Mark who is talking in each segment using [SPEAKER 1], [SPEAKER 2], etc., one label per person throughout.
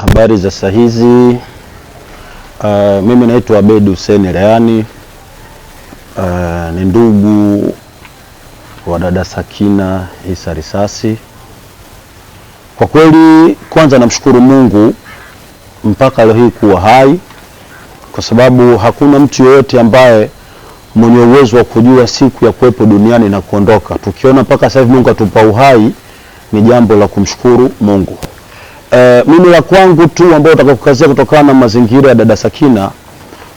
[SPEAKER 1] Habari za sahizi Uh, mimi naitwa abed Hussein Rayani. Uh, ni ndugu wa dada Sakina Isa Risasi. Kwa kweli, kwanza namshukuru Mungu mpaka leo hii kuwa hai, kwa sababu hakuna mtu yoyote ambaye mwenye uwezo wa kujua siku ya kuwepo duniani na kuondoka. Tukiona mpaka sasa hivi Mungu atupa uhai, ni jambo la kumshukuru Mungu. E, mimi la kwangu tu ambao utakokazia kutokana na mazingira ya dada Sakina,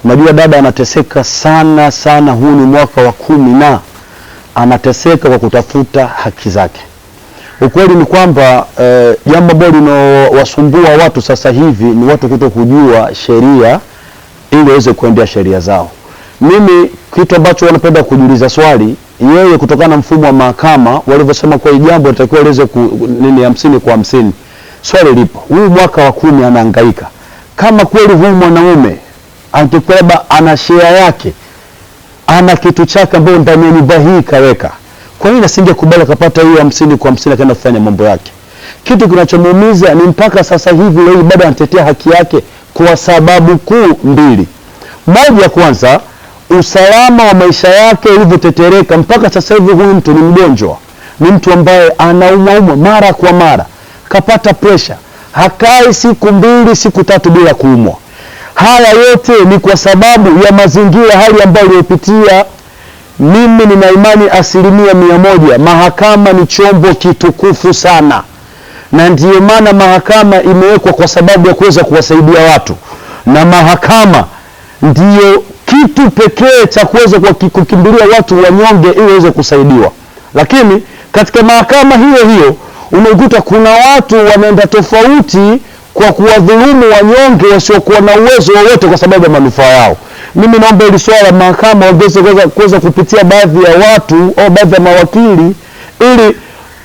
[SPEAKER 1] unajua dada anateseka sana sana, huu ni mwaka wa kumi na anateseka kwa kutafuta haki zake. Ukweli ni kwamba eh, jambo e, ambalo linawasumbua watu sasa hivi ni watu kuto kujua sheria ili waweze kuendea sheria zao. Mimi kitu ambacho wanapenda kujiuliza swali yeye, kutokana na mfumo wa mahakama walivyosema, kwa jambo litakiwa liweze nini hamsini kwa hamsini swali lipo, huu mwaka wa kumi anahangaika. Kama kweli huyu mwanaume angekuwa labda ana shea yake, ana kitu chake ambayo ndani ya nyumba hii kaweka, kwa nini asingekubali akapata hiyo hamsini kwa hamsini akaenda kufanya mambo yake? Kitu kinachomuumiza ni mpaka sasa hivi leo bado anatetea haki yake kwa sababu kuu mbili. Moja, kwanza usalama wa maisha yake ulivyotetereka. Mpaka sasa hivi huyu mtu ni mgonjwa, ni mtu ambaye anaumwaumwa mara kwa mara kapata presha, hakai siku mbili siku tatu bila kuumwa. Haya yote ni kwa sababu ya mazingira, hali ambayo aliyopitia. Mimi nina imani asilimia mia moja mahakama ni chombo kitukufu sana, na ndiyo maana mahakama imewekwa kwa sababu ya kuweza kuwasaidia watu, na mahakama ndiyo kitu pekee cha kuweza kukimbilia watu wanyonge ili waweze kusaidiwa. Lakini katika mahakama hiyo hiyo unaikuta kuna watu wanaenda tofauti kwa kuwadhulumu wanyonge wasiokuwa na uwezo wowote kwa sababu ya manufaa yao. Mimi naomba hili swala mahakama waweze kuweza kupitia baadhi ya watu au baadhi ya mawakili ili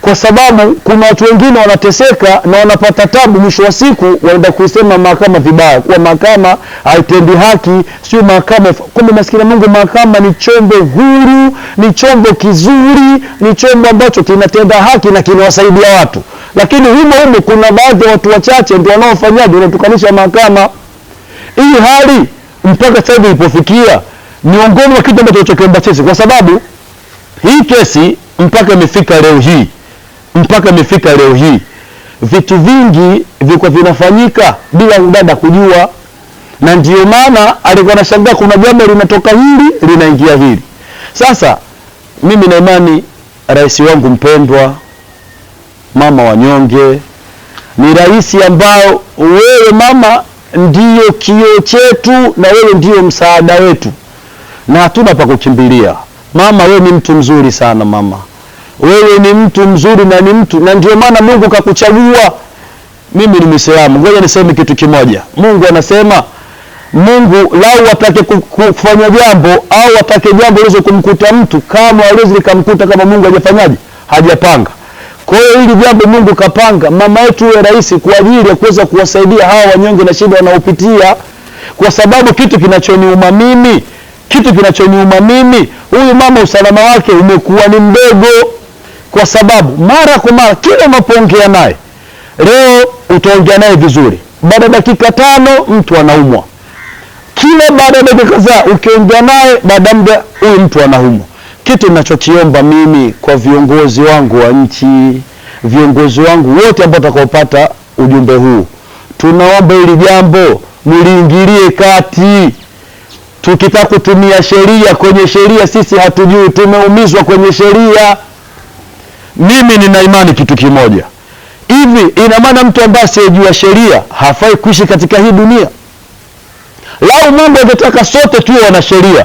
[SPEAKER 1] kwa sababu kuna watu wengine wanateseka na wanapata tabu, mwisho wa siku wanaenda kuisema mahakama vibaya, kwa mahakama haitendi haki, sio mahakama. Kumbe maskini Mungu, mahakama ni chombo huru, ni chombo kizuri, ni chombo ambacho kinatenda haki na kinawasaidia watu, lakini humo humo kuna baadhi ya watu wachache ndio wanaofanyaje, wanatukanisha mahakama. Hii hali mpaka sasa hivi ilipofikia, miongoni mwa kitu ambacho chokiomba sisi, kwa sababu hii kesi mpaka imefika leo hii mpaka imefika leo hii. Vitu vingi vilikuwa vinafanyika bila udada kujua, na ndio maana alikuwa anashangaa kuna jambo linatoka hili linaingia hili. Sasa mimi na imani rais wangu mpendwa, mama wanyonge, ni rais ambao wewe mama ndiyo kioo chetu na wewe ndiyo msaada wetu, na hatuna pa kukimbilia. Mama, wewe ni mtu mzuri sana mama wewe ni mtu mzuri na ni mtu na ndio maana Mungu kakuchagua. Mimi ni Muislamu, ngoja niseme kitu kimoja. Mungu anasema, Mungu lau atake kufanya jambo au atake jambo liweze kumkuta mtu kama aliwezi likamkuta kama Mungu hajafanyaje, hajapanga. Kwa hiyo hili jambo Mungu kapanga mama yetu huwe rais kwa ajili ya kuweza kuwasaidia hawa wanyonge na shida wanaopitia, kwa sababu kitu kinachoniuma mimi kitu kinachoniuma mimi, huyu mama usalama wake umekuwa ni mdogo kwa sababu mara kwa mara kila unapoongea naye, leo utaongea naye vizuri, baada ya dakika tano mtu anaumwa. Kila baada ya dakika kadhaa ukiongea naye, baada muda huyu mtu anaumwa. Kitu ninachokiomba mimi kwa viongozi wangu wa nchi, viongozi wangu wote ambao watakaopata ujumbe huu, tunaomba hili jambo mliingilie kati. Tukitaka kutumia sheria, kwenye sheria sisi hatujui, tumeumizwa kwenye sheria mimi nina imani kitu kimoja hivi, ina maana mtu ambaye asiyejua sheria hafai kuishi katika hii dunia? Lau Mungu angetaka sote tuwe wana sheria,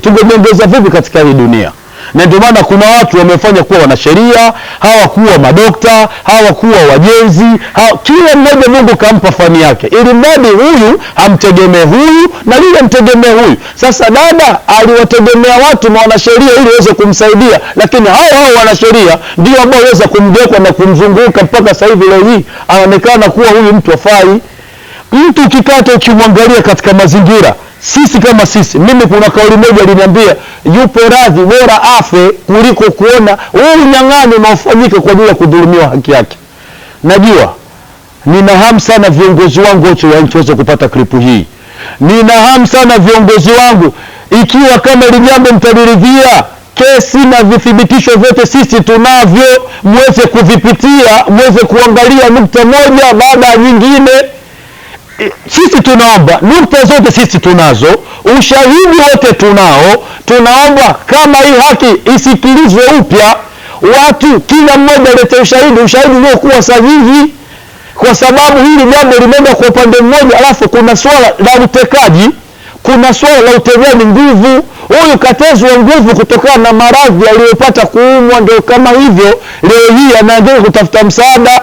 [SPEAKER 1] tungeongeza vipi katika hii dunia? na ndio maana kuna watu wamefanya kuwa wanasheria, hawakuwa madokta, hawakuwa wajenzi, hawa, kila mmoja Mungu kampa fani yake, ili mradi huyu hamtegemee huyu na yule amtegemee huyu. Sasa dada aliwategemea watu na wanasheria ili waweze kumsaidia, lakini hao hao wanasheria ndio ambao waweza kumdekwa na kumzunguka mpaka sasa hivi, leo hii anaonekana kuwa huyu mtu afai. Mtu ukikata ukimwangalia katika mazingira sisi kama sisi, mimi kuna kauli moja aliniambia, yupo radhi bora afe kuliko kuona wewe unyang'anyi unaofanyika kwa ajili ya kudhulumiwa haki yake. Najua nina hamu sana viongozi wangu wote wa nchi waweze kupata klipu hii. Nina hamu sana viongozi wangu, ikiwa kama lijambo jambo mtaliridhia, kesi na vithibitisho vyote sisi tunavyo, muweze kuvipitia, muweze kuangalia nukta moja baada ya nyingine sisi tunaomba nukta zote, sisi tunazo ushahidi wote tunao. Tunaomba kama hii haki isikilizwe upya, watu kila mmoja alete ushahidi, ushahidi uliokuwa sahihi, kwa sababu hili jambo limeenda kwa upande mmoja, alafu kuna swala la utekaji, kuna swala la utegaji nguvu. Huyu katezwa nguvu kutokana na maradhi aliyopata, kuumwa, ndio kama hivyo, leo hii anaendelea kutafuta msaada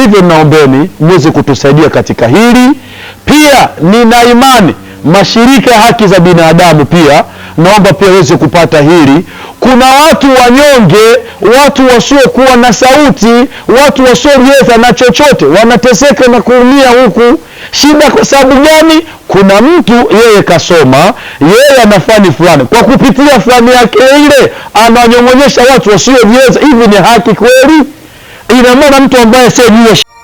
[SPEAKER 1] Hivyo naombeni mweze kutusaidia katika hili. Pia nina imani mashirika ya haki za binadamu pia naomba pia weze kupata hili. Kuna watu wanyonge, watu wasiokuwa na sauti, watu wasioweza na chochote, wanateseka na kuumia huku. Shida kwa sababu gani? Kuna mtu yeye kasoma, yeye ana fani fulani, kwa kupitia fani yake ile anawanyong'onyesha watu wasioviweza Hivi ni haki kweli? inamwona mtu ambaye sio juu